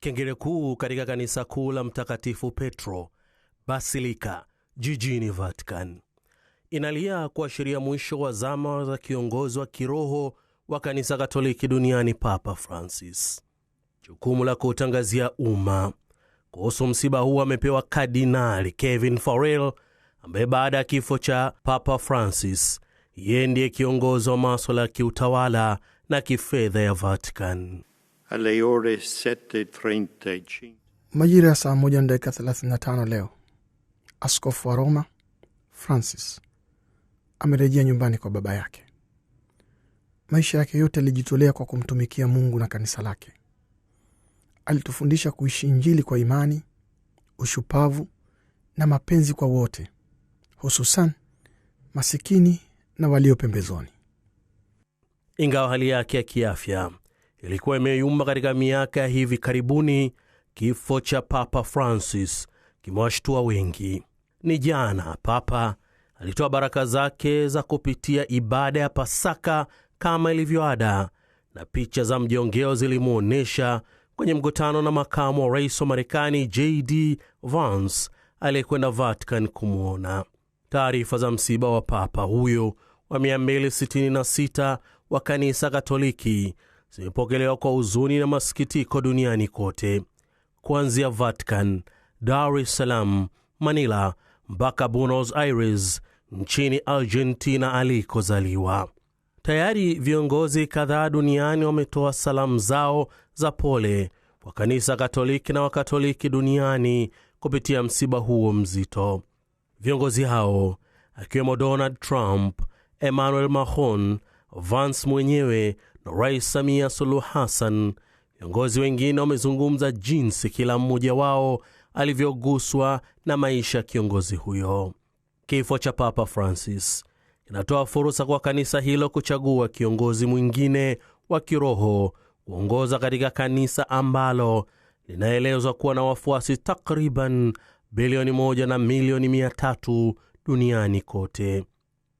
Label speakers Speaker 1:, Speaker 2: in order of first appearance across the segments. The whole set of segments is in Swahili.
Speaker 1: kengele kuu katika kanisa kuu la Mtakatifu Petro Basilika jijini Vatican inalia kuashiria mwisho wa zama za kiongozi wa kiroho wa kanisa Katoliki duniani Papa Francis. Jukumu la kuutangazia umma kuhusu msiba huu amepewa Kardinali Kevin Farrell ambaye baada ya kifo cha Papa Francis yeye ndiye kiongozi wa maswala ya kiutawala na kifedha ya Vatican
Speaker 2: alle ore 7:35.
Speaker 3: Majira ya saa moja na dakika 35 leo, askofu wa Roma Francis amerejea nyumbani kwa baba yake. Maisha yake yote alijitolea kwa kumtumikia Mungu na kanisa lake. Alitufundisha kuishi Injili kwa imani, ushupavu na mapenzi kwa wote, hususan masikini na walio pembezoni.
Speaker 1: Ingawa hali yake ya kiafya ilikuwa imeyumba katika miaka ya hivi karibuni, kifo cha Papa Francis kimewashtua wengi. Ni jana Papa alitoa baraka zake za kupitia ibada ya Pasaka kama ilivyoada, na picha za mjongeo zilimwonyesha kwenye mkutano na makamu wa rais wa Marekani JD Vance aliyekwenda Vatican kumwona. Taarifa za msiba wa papa huyo wa 266 wa kanisa Katoliki zimepokelewa kwa huzuni na masikitiko duniani kote, kuanzia Vatican, Dar es Salaam, Manila mpaka Buenos Aires nchini Argentina alikozaliwa. Tayari viongozi kadhaa duniani wametoa salamu zao za pole kwa kanisa Katoliki na Wakatoliki duniani kupitia msiba huo mzito. Viongozi hao akiwemo Donald Trump, Emmanuel Macron, Vance mwenyewe na Rais Samia Suluhu Hassan. Viongozi wengine wamezungumza jinsi kila mmoja wao alivyoguswa na maisha ya kiongozi huyo. Kifo cha Papa Francis kinatoa fursa kwa kanisa hilo kuchagua kiongozi mwingine wa kiroho kuongoza katika kanisa ambalo linaelezwa kuwa na wafuasi takriban bilioni moja na milioni mia tatu duniani kote.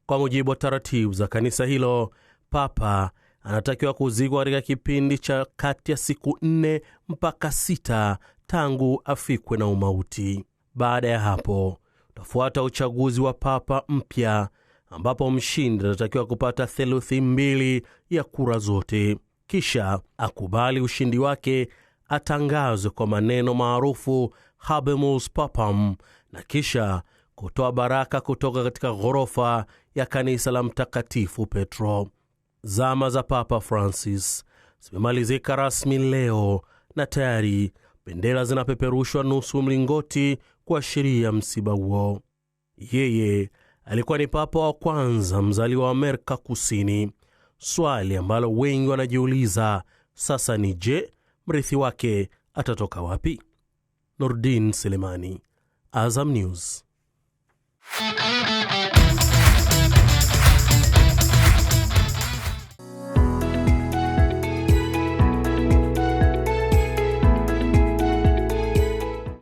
Speaker 1: Kwa mujibu wa taratibu za kanisa hilo, Papa anatakiwa kuzikwa katika kipindi cha kati ya siku nne mpaka sita tangu afikwe na umauti. Baada ya hapo utafuata uchaguzi wa papa mpya, ambapo mshindi anatakiwa kupata theluthi mbili ya kura zote, kisha akubali ushindi wake, atangazwe kwa maneno maarufu habemus papam, na kisha kutoa baraka kutoka katika ghorofa ya kanisa la Mtakatifu Petro. Zama za Papa Francis zimemalizika rasmi leo na tayari bendera zinapeperushwa nusu mlingoti kuashiria msiba huo. Yeye alikuwa ni papa wa kwanza mzaliwa wa Amerika Kusini. Swali ambalo wengi wanajiuliza sasa ni je, mrithi wake atatoka wapi? Nordin Selemani, Azam News.